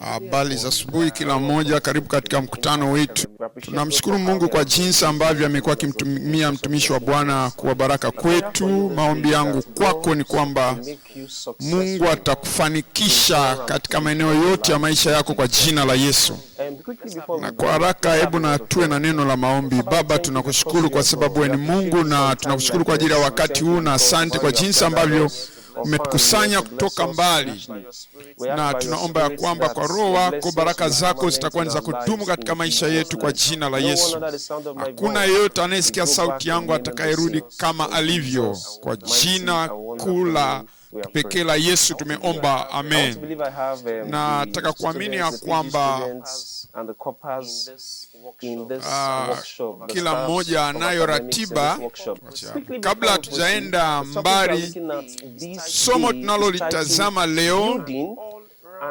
Habari za asubuhi kila mmoja, karibu katika mkutano wetu. Tunamshukuru Mungu kwa jinsi ambavyo amekuwa akimtumia mtumishi wa Bwana kuwa baraka kwetu. Maombi yangu kwako ni kwamba Mungu atakufanikisha katika maeneo yote ya maisha yako kwa jina la Yesu. Na kwa haraka, hebu na tuwe na neno la maombi. Baba, tunakushukuru kwa sababu wewe ni Mungu, na tunakushukuru kwa ajili ya wakati huu, na asante kwa jinsi ambavyo umetukusanya kutoka mbali, na tunaomba ya kwamba kwa Roho wako baraka zako zitakuwa ni za kudumu katika maisha yetu, kwa jina la Yesu. Hakuna yeyote anayesikia sauti yangu atakayerudi kama alivyo, kwa jina kula kipekee pekee la Yesu tumeomba, amen. Um, Nataka kuamini ya kwamba And the coppers in this workshop, uh, kila mmoja anayo ratiba. Kabla hatujaenda mbali, somo tunalolitazama leo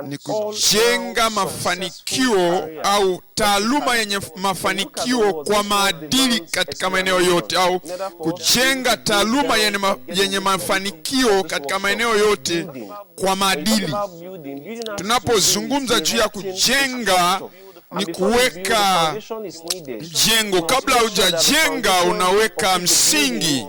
ni kujenga mafanikio au taaluma yenye mafanikio kwa maadili katika maeneo yote, au kujenga taaluma yenye, yenye mafanikio katika maeneo yote kwa maadili. Tunapozungumza juu ya kujenga ni kuweka jengo. Kabla hujajenga, unaweka msingi,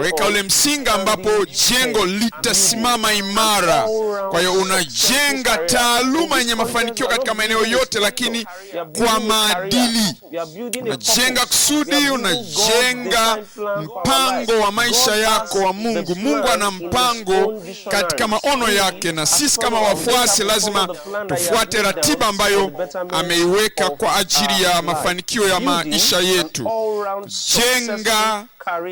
weka ule msingi ambapo jengo litasimama imara. Kwa hiyo unajenga taaluma yenye mafanikio katika maeneo yote, lakini kwa maadili. Unajenga kusudi, unajenga mpango wa maisha yako wa Mungu. Mungu ana mpango katika maono yake, na sisi kama wafuasi lazima tufuate ratiba ambayo ameiweka kwa ajili uh, ya mafanikio ya maisha yetu. Jenga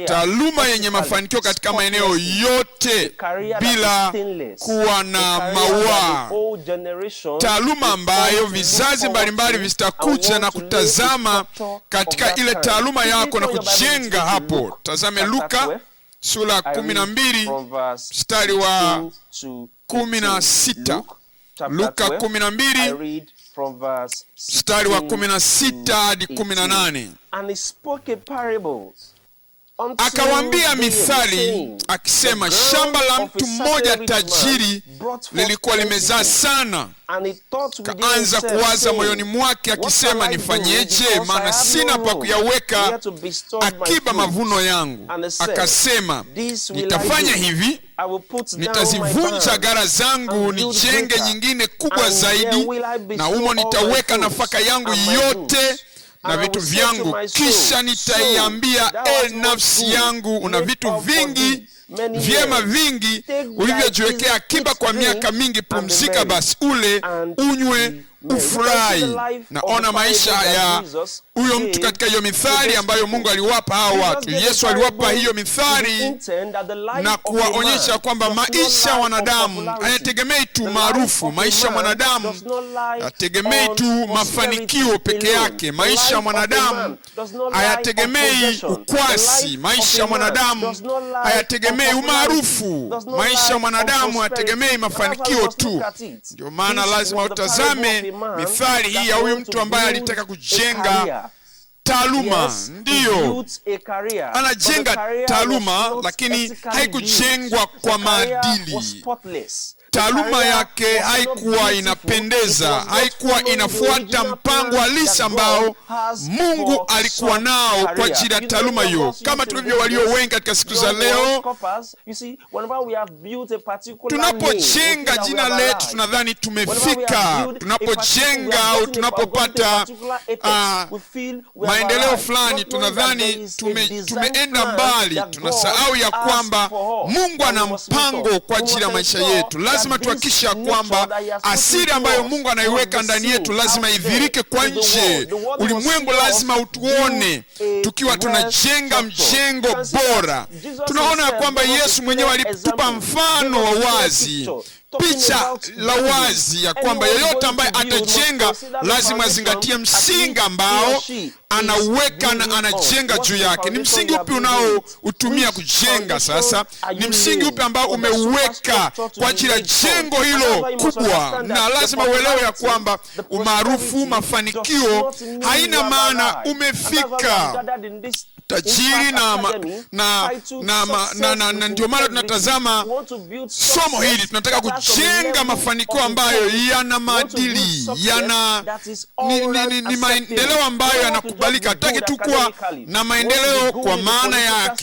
taaluma yenye mafanikio katika maeneo yote bila kuwa na maua taaluma ambayo vizazi mbalimbali vitakuja na kutazama katika ile taaluma yako na kujenga hapo. Tazame Luka sura kumi na mbili mstari wa kumi na sita Luka kumi na mbili mstari wa kumi na sita hadi kumi na nane akawambia mithali akisema, shamba la mtu mmoja tajiri lilikuwa limezaa sana. Kaanza kuwaza moyoni mwake akisema, nifanyeje? Maana sina pa kuyaweka akiba mavuno yangu. Akasema, nitafanya hivi, nitazivunja gara zangu, nijenge nyingine kubwa zaidi, na humo nitaweka nafaka yangu yote na vitu vyangu, kisha nitaiambia e nafsi yangu, una vitu vingi vyema vingi ulivyojiwekea akiba kwa miaka mingi, pumzika basi, ule unywe ufurahi. Naona maisha ya huyo mtu katika hiyo mithari ambayo Mungu aliwapa hao watu. Yesu aliwapa hiyo mithari na kuwaonyesha kwamba maisha wanadamu hayategemei tu maarufu, maisha mwanadamu hayategemei tu mafanikio peke yake, maisha mwanadamu hayategemei ukwasi, maisha mwanadamu hayategemei umaarufu, maisha mwanadamu hayategemei mafanikio tu. Ndio maana lazima utazame mithali hii ya huyu mtu ambaye alitaka kujenga taaluma ndiyo anajenga taaluma, lakini haikujengwa kwa maadili taaluma yake haikuwa inapendeza, haikuwa inafuata mpango halisi ambao Mungu alikuwa nao kwa ajili ya taaluma hiyo, kama tulivyo walio wengi katika siku za leo. Tunapojenga jina letu tunadhani tumefika, tunapojenga au tunapopata ah, maendeleo fulani tunadhani tumeenda mbali, tunasahau ya kwamba Mungu ana mpango kwa ajili ya maisha yetu. Lazima lazima tuhakisha kwamba asiri ambayo Mungu anaiweka ndani yetu lazima idhirike kwa nje. Ulimwengu lazima utuone tukiwa tunajenga mjengo bora. Tunaona ya kwamba Yesu mwenyewe alitupa mfano wa wazi picha la wazi ya kwamba yeyote ambaye atajenga lazima azingatie msingi ambao anaweka na anajenga juu yake. Ni msingi upi unaoutumia kujenga? Sasa ni msingi upi ambao umeuweka kwa ajili ya jengo hilo kubwa? Na lazima uelewe ya kwamba umaarufu, mafanikio haina maana umefika tajiri na, ma, na, na, na, na, na, na ndio maana tunatazama somo hili, tunataka kujenga mafanikio ambayo yana maadili, yana ni, ni, ni, ni maendeleo ambayo yanakubalika. Hataki tu kuwa na maendeleo kwa maana ya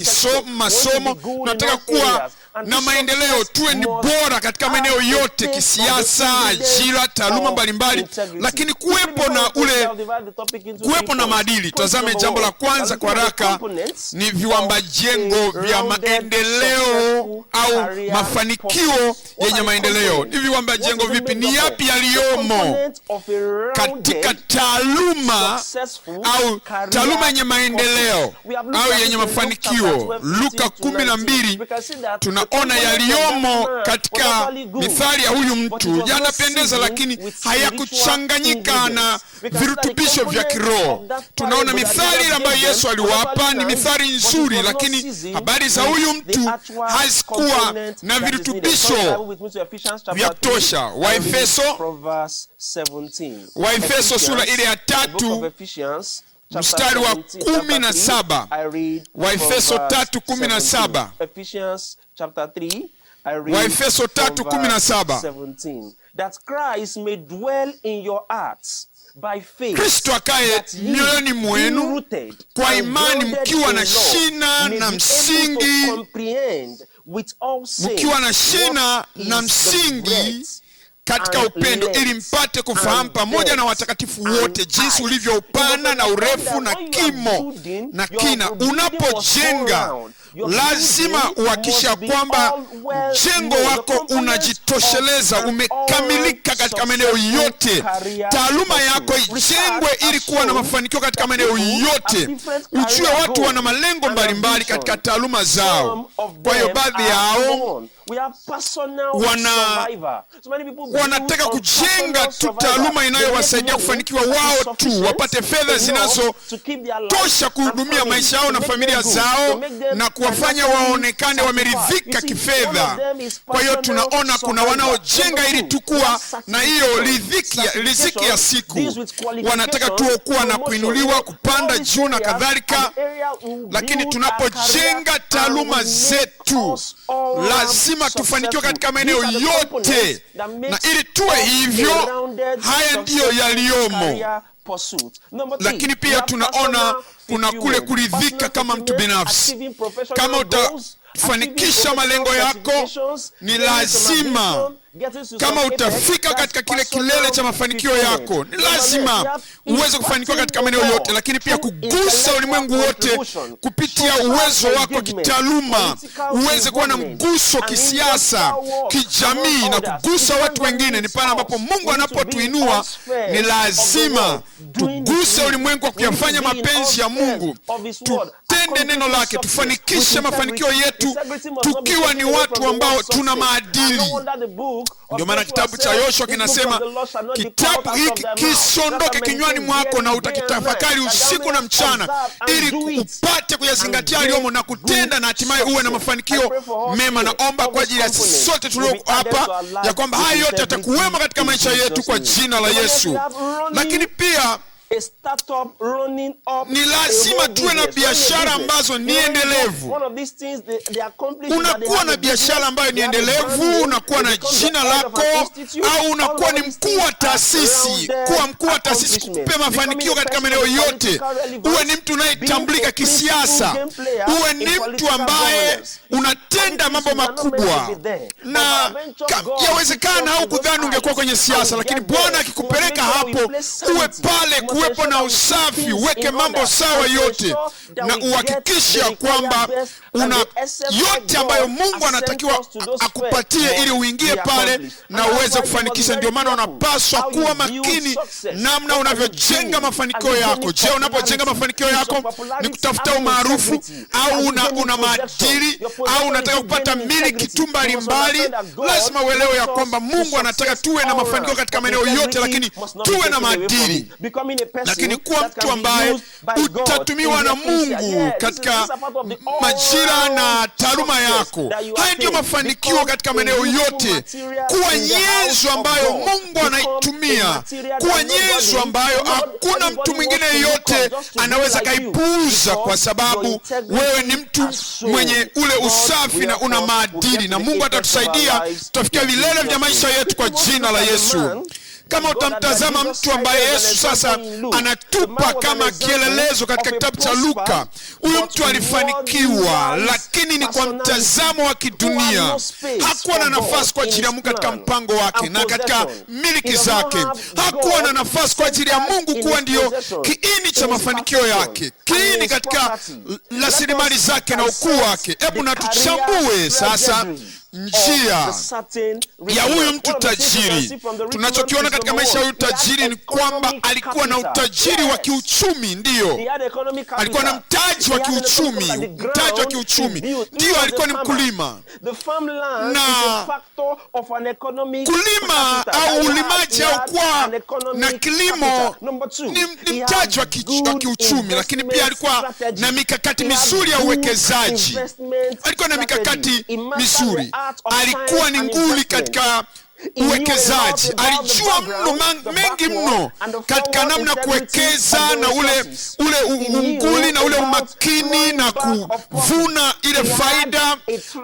masomo, nataka kuwa na maendeleo, tuwe ni bora katika maeneo yote, kisiasa, ajira, taaluma mbalimbali, lakini kuwepo na ule kuwepo na maadili. Tazame jambo la kwanza kwa raka ni viwamba jengo vya maendeleo au mafanikio yenye maendeleo. Ni viwamba jengo vipi? Ni yapi yaliyomo katika taaluma au taaluma yenye maendeleo au yenye mafanikio? Luka kumi na mbili tuna tunaona yaliyomo eh, katika mithali ya huyu mtu yanapendeza, lakini hayakuchanganyika na virutubisho oh, vya kiroho. Tunaona mithali ambayo Yesu aliwapa ni mithali nzuri, lakini habari za huyu mtu hazikuwa na virutubisho vya kutosha. Waefeso, Waefeso sura ile ya tatu mstari wa kumi na saba Waefeso tatu kumi na saba Waefeso tatu kumi na saba Kristo akaye mioyoni mwenu kwa imani, mkiwa na shina na msingi mkiwa na shina na msingi katika upendo ili mpate kufahamu pamoja na watakatifu wote jinsi ulivyo upana na urefu na kimo na kina unapojenga lazima uhakisha ya kwamba mjengo wako unajitosheleza, umekamilika katika maeneo yote. Taaluma yako ijengwe ili kuwa na mafanikio katika maeneo yote. Ujue watu wana malengo mbalimbali katika taaluma zao, kwa hiyo baadhi yao wana wanataka kujenga tu taaluma inayowasaidia kufanikiwa wao tu, wapate fedha zinazotosha kuhudumia maisha yao na familia zao na ku kuwafanya waonekane wameridhika kifedha. Kwa hiyo tunaona kuna wanaojenga ili tukuwa na hiyo riziki ya siku, wanataka tuokuwa na kuinuliwa, kupanda juu na kadhalika. Lakini tunapojenga taaluma zetu, lazima tufanikiwe katika maeneo yote, na ili tuwe hivyo, haya ndiyo yaliyomo lakini pia tunaona kuna kule kuridhika kama mtu binafsi. Kama utafanikisha malengo yako, ni lazima kama utafika katika kile kilele cha mafanikio yako, ni lazima uweze kufanikiwa katika maeneo yote, lakini pia kugusa ulimwengu wote kupitia uwezo wako kitaaluma, uweze kuwa na mguso kisiasa, kijamii na kugusa watu wengine. Ni pale ambapo Mungu anapotuinua, ni lazima tuguse ulimwengu wa kuyafanya mapenzi ya Mungu, tutende neno lake, tufanikishe mafanikio yetu tukiwa ni watu ambao tuna maadili ndio maana kitabu cha Yoshua kinasema kitabu hiki kisondoke kinywani mwako, na utakitafakari usiku na mchana, ili upate kuyazingatia aliyomo na kutenda, na hatimaye uwe na mafanikio mema. Naomba kwa ajili ya sote tulio hapa ya kwamba haya yote yatakuwema katika maisha yetu kwa jina la Yesu, lakini pia a startup running up. Ni lazima tuwe na biashara ambazo ni endelevu. Unakuwa na biashara ambayo ni endelevu, unakuwa na jina lako, au unakuwa ni mkuu wa taasisi. Kuwa mkuu wa taasisi kukupe mafanikio katika maeneo yote. Uwe ni mtu unayetambulika kisiasa, uwe ni mtu ambaye unatenda mambo makubwa, na yawezekana au kudhani ungekuwa kwenye siasa, lakini Bwana akikupeleka hapo, uwe pale kuwepo na usafi, uweke mambo sawa yote, na uhakikishe ya kwamba una yote ambayo Mungu anatakiwa akupatie ili uingie pale na uweze kufanikisha. Ndio maana unapaswa kuwa makini namna unavyojenga mafanikio yako. Je, unapojenga mafanikio yako ni kutafuta umaarufu au una, una maadili au unataka kupata miliki tu mbalimbali? Lazima uelewe ya kwamba Mungu anataka tuwe na mafanikio katika maeneo yote, lakini tuwe na maadili lakini kuwa mtu ambaye utatumiwa na Mungu katika majira na taaluma yako. Haya ndiyo mafanikio katika maeneo yote, kuwa nyenzo ambayo Mungu anaitumia, kuwa nyenzo ambayo hakuna mtu mwingine yeyote anaweza kaipuuza, kwa sababu wewe ni mtu mwenye ule usafi na una maadili, na Mungu atatusaidia, tutafikia vilele vya maisha yetu kwa jina la Yesu. Kama utamtazama mtu ambaye Yesu sasa anatupa kama kielelezo katika kitabu cha Luka, huyu mtu alifanikiwa, lakini ni kwa mtazamo wa kidunia. Hakuwa na nafasi kwa ajili ya Mungu katika mpango wake na katika miliki zake. Hakuwa na nafasi kwa ajili ya Mungu kuwa ndiyo kiini cha mafanikio yake, kiini katika rasilimali zake na ukuu wake. Hebu natuchambue sasa njia ya huyu mtu tajiri. Tunachokiona katika maisha ya huyu tajiri ni kwamba alikuwa na utajiri wa kiuchumi, ndiyo, alikuwa na mtaji wa kiuchumi, mtaji wa kiuchumi, ndiyo, alikuwa ni mkulima, na kulima au ulimaji au kuwa na kilimo ni mtaji wa kiuchumi, lakini pia alikuwa na mikakati mizuri ya uwekezaji, alikuwa na mikakati mizuri alikuwa ni nguli katika uwekezaji alijua mno mengi mno katika namna kuwekeza na ule ule unguli na ule umakini na kuvuna ile faida.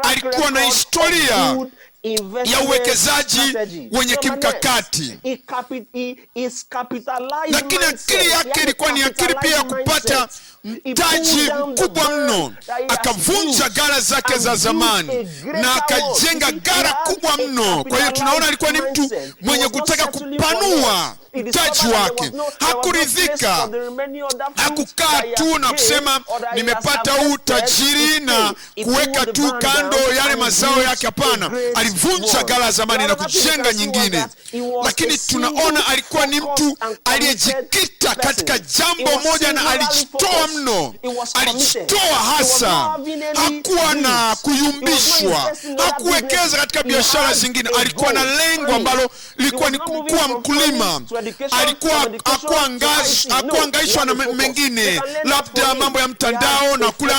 Alikuwa na historia ya uwekezaji wenye kimkakati, lakini akili yake ilikuwa ni akili pia ya kupata mtaji mkubwa mno. Akavunja gara zake za zamani na akajenga gara kubwa mno. Kwa hiyo tunaona alikuwa ni mtu mwenye kutaka kupanua mtaji wake. Hakuridhika, hakukaa tu na kusema nimepata huu tajiri na kuweka tu kando yale mazao yake. Hapana, alivunja gala zamani na kujenga nyingine, lakini tunaona alikuwa ni mtu aliyejikita katika jambo moja na alijitoa mno, alijitoa hasa. Hakuwa na kuyumbishwa, hakuwekeza katika biashara zingine. Alikuwa na lengo ambalo lilikuwa ni kuwa mkulima. Alikuwa akuangaishwa na mengine, labda mambo ya mtandao na kula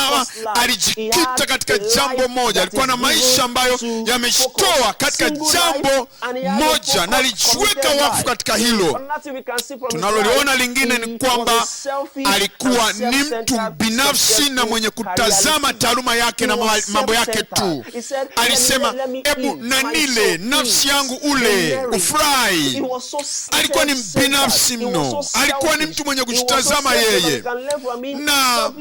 alijikita katika jambo moja, alikuwa na maisha ambayo yameshtoa katika jambo moja, na alijiweka wafu katika hilo. Tunaloliona lingine ni kwamba alikuwa ni mtu binafsi na mwenye kutazama taaluma yake na mambo yake tu. Alisema, ebu nanile nafsi yangu ule ufurahi. Alikuwa ni binafsi mno, alikuwa ni mtu mwenye kujitazama yeye, na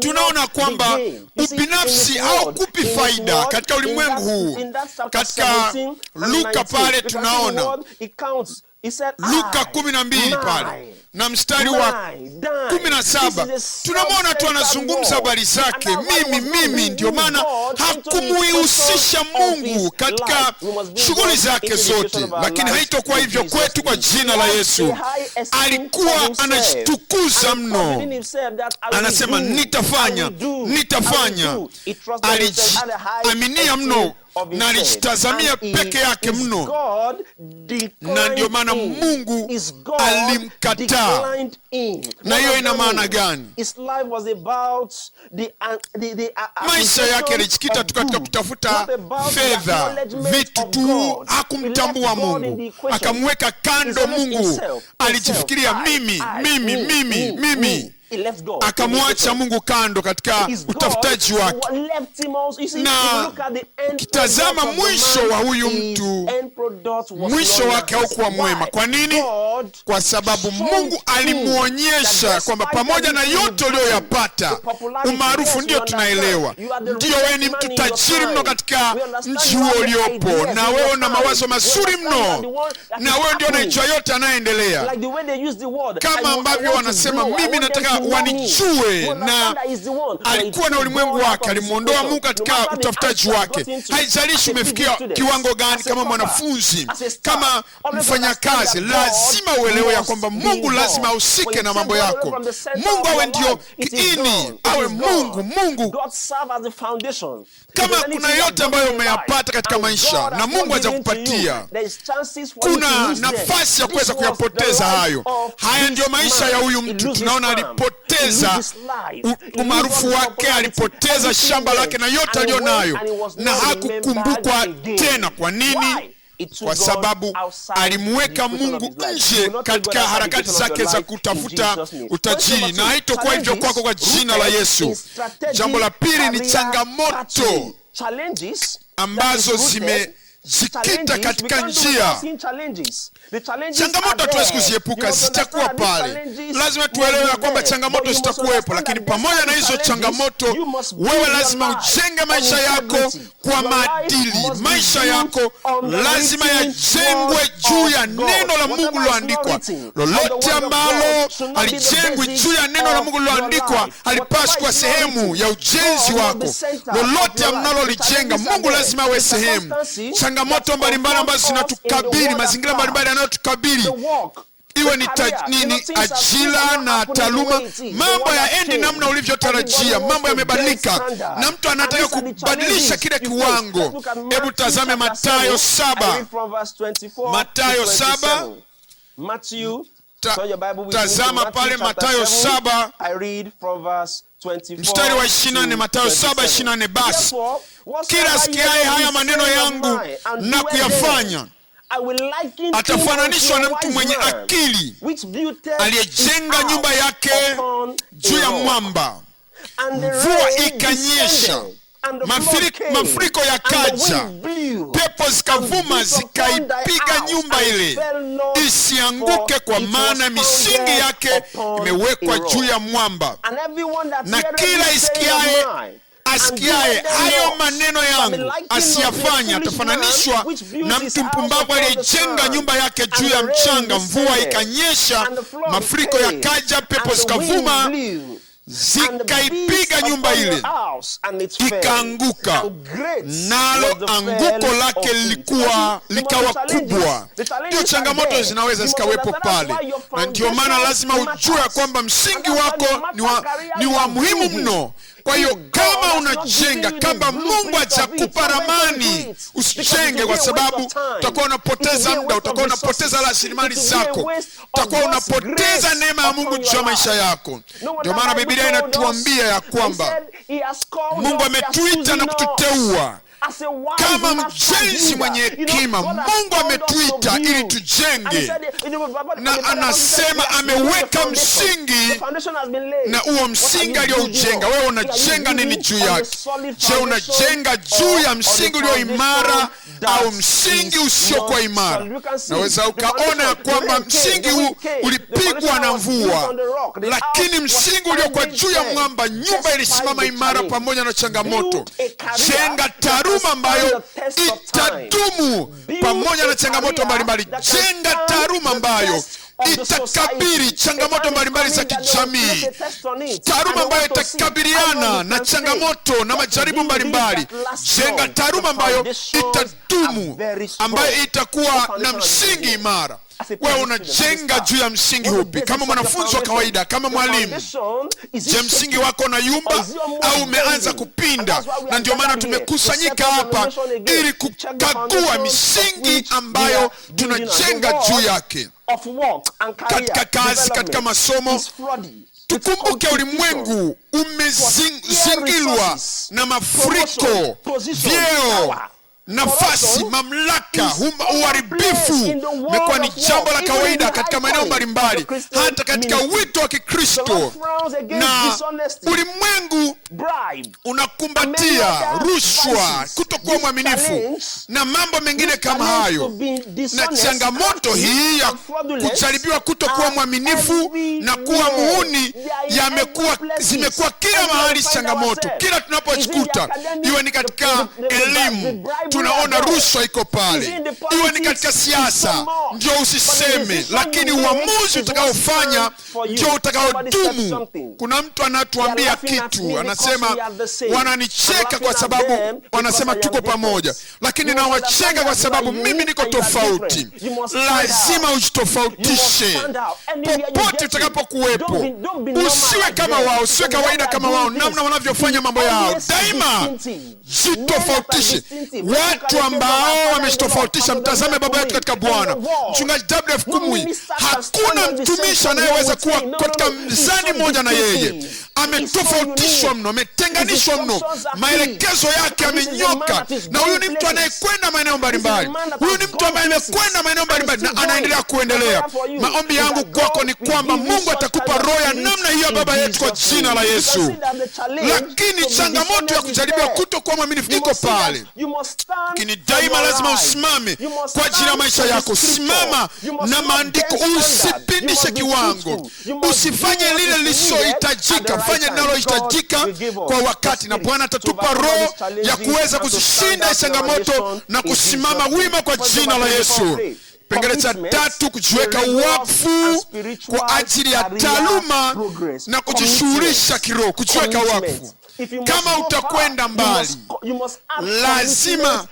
tunaona kwa kwamba ubinafsi au kupi faida katika ulimwengu huu. Katika Luka pale tunaona Luka kumi na mbili pale na mstari wa kumi na saba tunamwona tu anazungumza habari zake, mimi mimi. Ndio maana hakumuhusisha Mungu katika shughuli zake zote, lakini haitokuwa hivyo kwetu kwa jina la Yesu. Alikuwa anajitukuza mno, anasema nitafanya, nitafanya, alijiaminia mno na alijitazamia peke yake mno, na ndio maana Mungu alimkataa. Na hiyo ina maana gani? Uh, uh, uh, Maisha yake alijikita tu katika kutafuta fedha, vitu tu, hakumtambua Mungu, akamweka kando Mungu. Alijifikiria mimi, mimi, mimi, mimi akamwacha Mungu kando katika utafutaji wake, na kitazama mwisho wa huyu mtu, mwisho wake haukuwa mwema. Kwa nini? Kwa sababu Mungu alimwonyesha kwamba pamoja na yote uliyoyapata, umaarufu ndio tunaelewa, ndio wewe ni mtu tajiri mno katika mji huo uliopo, na wewe una mawazo mazuri mno, na wewe ndio naichwa yote anayeendelea kama ambavyo wanasema mimi nataka Yaani, wanijue, na alikuwa na ulimwengu wake, alimwondoa Mungu katika utafutaji wake. Haijalishi umefikia kiwango gani, kama mwanafunzi, kama mfanyakazi, lazima uelewe ya kwamba Mungu lazima ahusike na mambo yako. Mungu awe ndio kiini, awe Mungu. Mungu kama kuna yote ambayo umeyapata katika maisha na Mungu hajakupatia, kuna nafasi ya kuweza kuyapoteza hayo. Haya ndiyo maisha ya huyu mtu tunaona alipo alipoteza umaarufu wake, alipoteza shamba lake na yote aliyo nayo, na hakukumbukwa tena. Kwa nini? Kwa sababu alimweka Mungu nje katika harakati zake za kutafuta utajiri, na haitokuwa hivyo kwako kwa jina la Yesu. Jambo la pili ni changamoto ambazo zime jikita katika njia. Changamoto hatuwezi kuziepuka, zitakuwa pale. Lazima tuelewe ya kwamba changamoto zitakuwepo, lakini pamoja na hizo changamoto, wewe lazima ujenge maisha yako kwa maadili. Maisha yako lazima yajengwe juu ya neno la Mungu liloandikwa. Lolote ambalo alijengwi juu ya neno la Mungu liloandikwa alipaswa sehemu ya ujenzi wako. Lolote amnalolijenga, Mungu lazima awe sehemu changamoto mbalimbali ambazo zinatukabili, mazingira mbalimbali yanayotukabili iwe ni, ta, ni, ni ajira na taaluma. Mambo endi namna ulivyotarajia, mambo yamebadilika na mtu anataka kubadilisha kile kiwango. Hebu tazame Mathayo saba, Mathayo saba, tazama pale Mathayo saba mstari wa ishirini na matayo saba ishirini na basi kila sikiaye haya maneno yangu na kuyafanya atafananishwa na mtu mwenye akili aliyejenga nyumba yake juu ya mwamba, mvua ikanyesha Mafuriko, ya yakaja, pepo zikavuma zikaipiga nyumba ile isianguke, kwa maana misingi yake imewekwa juu ya mwamba, na kila isikiaye asikiaye hayo maneno yangu asiyafanya atafananishwa na mtu mpumbavu aliyejenga nyumba yake juu ya mchanga. Mvua ikanyesha, mafuriko yakaja, pepo zikavuma zikaipiga nyumba ile ikaanguka, nalo anguko lake lilikuwa likawa kubwa. Ndio changamoto zinaweza zikawepo pale, na ndiyo maana lazima ujue kwamba msingi wako ni wa, ni wa muhimu mno. Kwa hiyo kama unajenga, kama Mungu hajakupa ramani, usijenge, kwa sababu utakuwa unapoteza muda, utakuwa unapoteza rasilimali zako, utakuwa unapoteza neema ya Mungu juu ya maisha yako. Ndio maana Biblia inatuambia ya kwamba Mungu ametuita na kututeua kama mjenzi mwenye hekima. Mungu ametuita ili tujenge, na anasema ameweka msingi, na huo msingi aliyoujenga wewe, unajenga nini juu yake? Je, unajenga juu ya msingi ulio imara au msingi usiokuwa imara? Naweza ukaona ya kwamba msingi huu ulipigwa na mvua, lakini msingi uliokuwa juu ya mwamba, nyumba ilisimama imara pamoja na changamoto. Jenga taru taaluma ambayo itadumu pamoja na changamoto mbalimbali. Jenga taaluma ambayo itakabiri changamoto mbalimbali za kijamii, taaluma ambayo itakabiliana na changamoto na majaribu mbalimbali. Jenga taaluma ambayo itadumu, ambayo itakuwa na msingi imara wewe unajenga juu ya msingi upi? Kama mwanafunzi wa kawaida, kama mwalimu, je, msingi wako na yumba au umeanza kupinda? Na ndio maana tumekusanyika hapa ili kukagua misingi ambayo tunajenga juu yake katika kazi, katika masomo. Tukumbuke ulimwengu umezingilwa na mafuriko, vyeo nafasi, mamlaka, uharibifu imekuwa ni jambo la kawaida katika maeneo mbalimbali, hata katika wito wa Kikristo, na ulimwengu unakumbatia rushwa, kutokuwa mwaminifu na mambo mengine kama hayo. Na changamoto hii ya kujaribiwa kutokuwa mwaminifu na kuwa muhuni zimekuwa kila mahali, changamoto kila tunapochikuta, iwe ni katika elimu tunaona rushwa iko pale, iwe ni katika siasa, ndio usiseme, lakini uamuzi utakaofanya ndio utakaodumu. Kuna mtu anatuambia kitu, anasema wananicheka kwa sababu wanasema tuko pamoja, lakini nawacheka kwa sababu mimi niko tofauti. Lazima ujitofautishe popote utakapokuwepo, usiwe kama wao, usiwe kawaida kama wao, namna wanavyofanya mambo yao. Daima jitofautishe watu ambao wamejitofautisha. Mtazame baba yetu katika Bwana Mchungaji WF Kumwi, hakuna mtumishi anayeweza kuwa katika mzani mmoja na yeye. Ametofautishwa mno, ametenganishwa mno, maelekezo yake amenyoka. Na huyu ni mtu anayekwenda maeneo mbalimbali, huyu ni mtu ambaye amekwenda maeneo mbalimbali na anaendelea kuendelea. Maombi yangu kwako ni kwamba Mungu atakupa roho ya namna hiyo, baba yetu, kwa jina la Yesu. Lakini changamoto ya kujaribiwa kuwa mwaminifu iko pale lakini daima lazima usimame kwa ajili ya maisha yako. Simama na maandiko, usipindishe kiwango, usifanye lile lisiohitajika, fanya linalohitajika kwa wakati, na Bwana atatupa roho ya kuweza kuzishinda changamoto na kusimama wima kwa jina la Yesu. Kipengele cha tatu, kujiweka wafu kwa ajili ya taaluma na kujishughulisha kiroho, kujiweka wakfu kama utakwenda mbali, lazima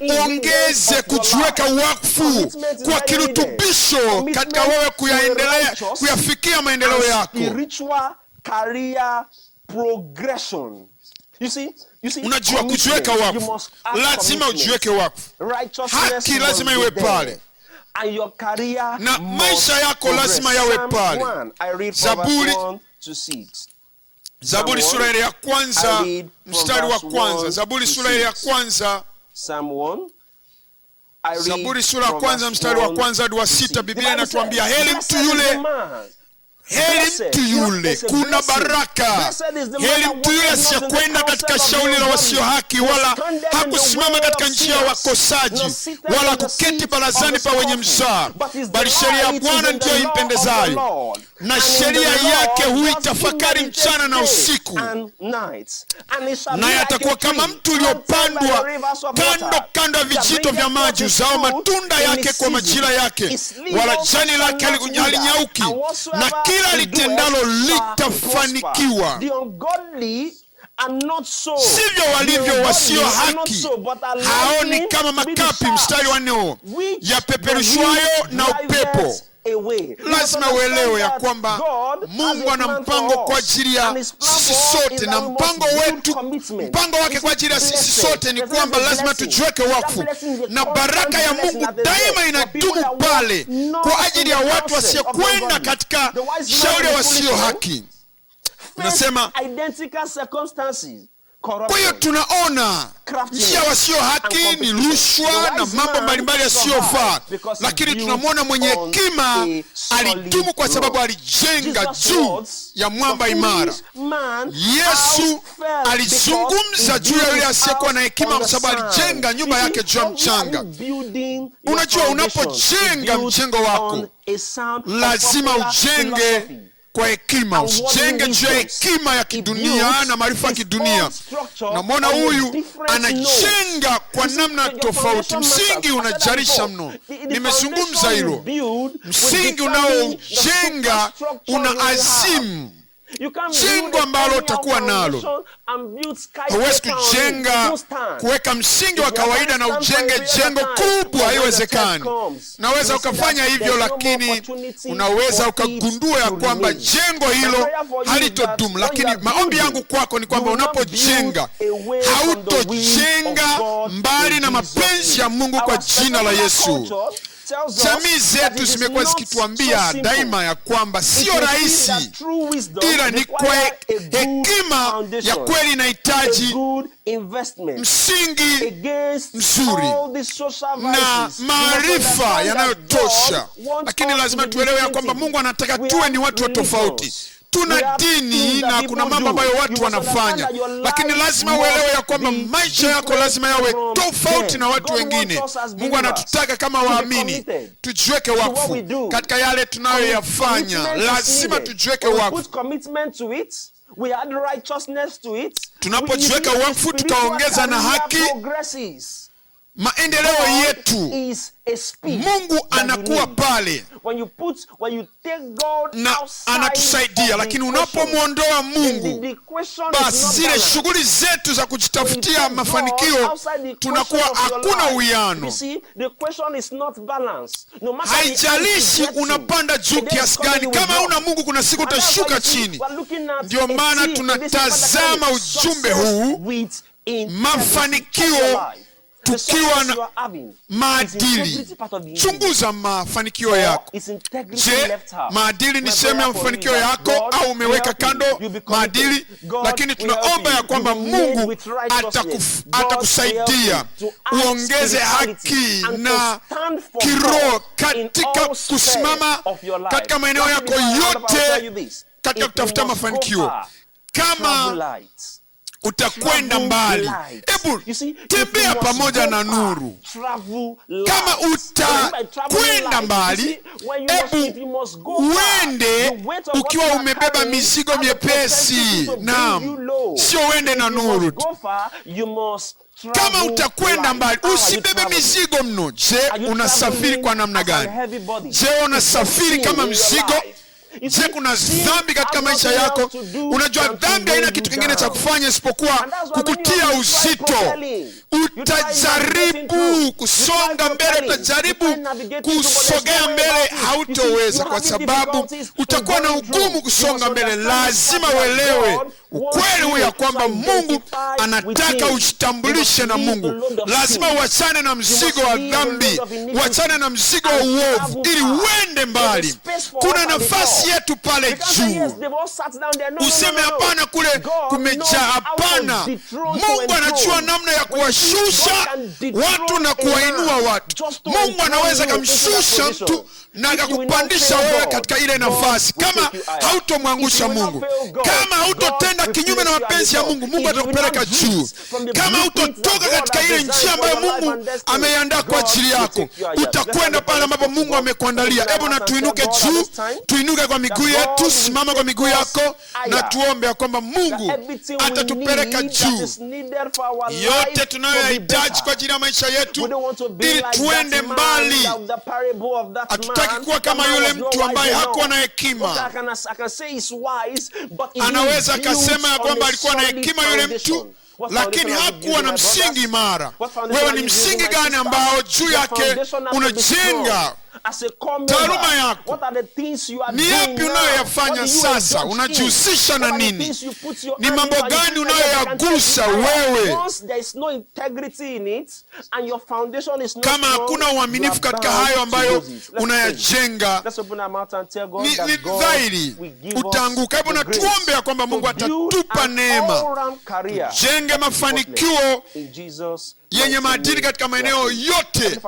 uongeze kujiweka wakfu kwa kirutubisho katika wewe kuyaendelea kuyafikia maendeleo yako. unajua kujiweka wakfu, lazima ujiweke wakfu. Haki lazima iwe pale na maisha yako lazima yawe pale. Zaburi Zaburi sura ile ya kwanza mstari wa kwanza. Zaburi sura ile ya kwanza. Zaburi sura ya kwanza mstari wa kwanza hadi wa sita. Biblia inatuambia heri mtu yule heri mtu yule, kuna baraka. Heri mtu yule asiyekwenda katika shauli la wasio haki, wala hakusimama katika njia ya wakosaji, wala kuketi barazani pa wenye mzaha, bali sheria ya Bwana ndiyo impendezayo na sheria yake huitafakari mchana na usiku, naye atakuwa kama mtu uliopandwa kando kando ya vijito vya maji, uzao matunda yake kwa majira yake, wala jani lake halinyauki, na kila litendalo litafanikiwa. Sivyo walivyo wasio haki, haoni kama makapi. Mstari wa nne yapeperushwayo na upepo lazima uelewe ya kwamba Mungu ana mpango kwa ajili ya sisi sote, na mpango wetu, mpango wake kwa ajili ya sisi sote ni kwamba lazima tujiweke wakfu, na baraka ya Mungu daima inadumu pale kwa ajili ya watu wasiokwenda katika shauri wasio haki. Unasema kwa hiyo tunaona njia wasio haki ni rushwa na mambo mbalimbali yasiyofaa, lakini tunamwona mwenye hekima alidumu kwa sababu alijenga juu ya mwamba imara. Yesu alizungumza juu ya yule asiyekuwa na hekima kwa sababu alijenga nyumba yake juu ya mchanga. Unajua, unapojenga mjengo wako lazima ujenge kwa hekima, usijenge juu ya hekima ya kidunia na maarifa ya kidunia. Namwona huyu anajenga kwa namna tofauti, msingi unajarisha mno. Nimezungumza hilo, msingi unaojenga una azimu jengo ambalo utakuwa nalo. Hauwezi kujenga kuweka msingi wa kawaida na ujenge jengo kubwa, haiwezekani. Unaweza ukafanya hivyo, lakini unaweza ukagundua ya kwamba jengo hilo halitodumu. Lakini maombi yangu kwako ni kwamba unapojenga, hautojenga mbali na mapenzi ya Mungu, kwa jina la Yesu. Jamii zetu zimekuwa zikituambia daima ya kwamba siyo rahisi, ila ni kwa hekima ya kweli inahitaji msingi mzuri na maarifa yanayotosha, lakini lazima tuelewe ya kwamba Mungu anataka tuwe ni watu wa tofauti tuna dini na kuna mambo ambayo watu wanafanya, lakini lazima uelewe ya kwamba maisha yako lazima yawe tofauti na watu wengine. Mungu anatutaka kama waamini tujiweke wakfu katika yale tunayoyafanya, lazima tujiweke wakfu. Tunapojiweka wakfu, tukaongeza na haki maendeleo yetu. Mungu anakuwa pale na anatusaidia, lakini unapomwondoa Mungu, basi zile shughuli zetu za kujitafutia mafanikio tunakuwa hakuna uwiano. Haijalishi unapanda juu kiasi gani, kama una Mungu kuna siku utashuka chini. Ndio maana tunatazama ujumbe huu, mafanikio tukiwa na maadili. Chunguza mafanikio yako. Je, maadili ni sehemu ya mafanikio yako au umeweka kando maadili? Lakini tunaomba ya kwamba Mungu atakusaidia uongeze haki na kiroho katika kusimama katika maeneo yako yote katika kutafuta mafanikio kama utakwenda mbali. Hebu tembea pamoja na nuru. Kama utakwenda mbali, hebu uende ukiwa umebeba mizigo myepesi. nam sio uende na nuru kama utakwenda mbali usibebe mizigo mno. Je, unasafiri kwa namna gani? Je, unasafiri kama mzigo Je, kuna dhambi katika maisha yako? Unajua dhambi haina kitu kingine cha kufanya isipokuwa kukutia uzito. Utajaribu kusonga mbele, utajaribu kusogea mbele, hautoweza kwa sababu utakuwa na ugumu kusonga mbele. Lazima uelewe ukweli huu ya kwamba Mungu anataka ujitambulishe na Mungu. Lazima uachane na mzigo wa dhambi, uachane na mzigo wa uovu ili uende mbali. Kuna nafasi yetu pale juu, useme hapana kule kumejaa. Hapana, Mungu anajua namna ya kuwashusha watu na kuwainua watu. Mungu anaweza kamshusha mtu na akakupandisha wewe katika ile nafasi, kama hautomwangusha Mungu, kama hautotenda kinyume na mapenzi ya Mungu, Mungu atakupeleka juu. Kama hautotoka katika ile njia ambayo Mungu ameandaa kwa ajili yako, utakwenda pale ambapo Mungu amekuandalia. Hebu na tuinuke juu, tuinuke kwa miguu yetu, simama kwa miguu yako na tuombe ya kwamba Mungu atatupeleka juu. Yote tunayoyahitaji kwa ajili ya maisha yetu, ili tuende mbali. Hatutaki kuwa kama yule mtu ambaye hakuwa na hekima. Anaweza akasema ya kwamba alikuwa na hekima yule mtu lakini hakuwa na msingi imara. Wewe ni msingi gani ambao juu yake unajenga taaluma yako? Ni yapi unayoyafanya sasa? Unajihusisha na nini? Ni mambo gani unayo itakugusa wewe. Kama hakuna uaminifu katika hayo ambayo unayajenga, ni dhairi utaanguka. hivo na tuombe ya kwamba Mungu atatupa neema jenge mafanikio yenye maadili katika maeneo yote.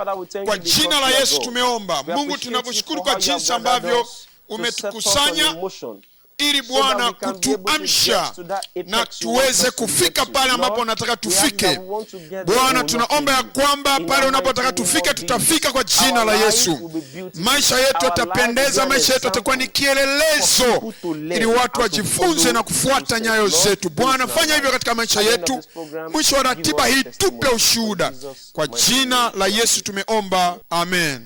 Kwa jina la Yesu tumeomba. Mungu, tunakushukuru kwa jinsi ambavyo umetukusanya ili Bwana kutuamsha na tuweze kufika pale ambapo anataka tufike. Bwana, tunaomba ya kwamba pale unapotaka tufike, tutafika kwa jina la Yesu. Maisha yetu yatapendeza, maisha yetu yatakuwa ni kielelezo, ili watu wajifunze na kufuata nyayo zetu. Bwana, fanya hivyo katika maisha yetu. Mwisho wa ratiba hii, tupe ushuhuda. Kwa jina la Yesu tumeomba, amen.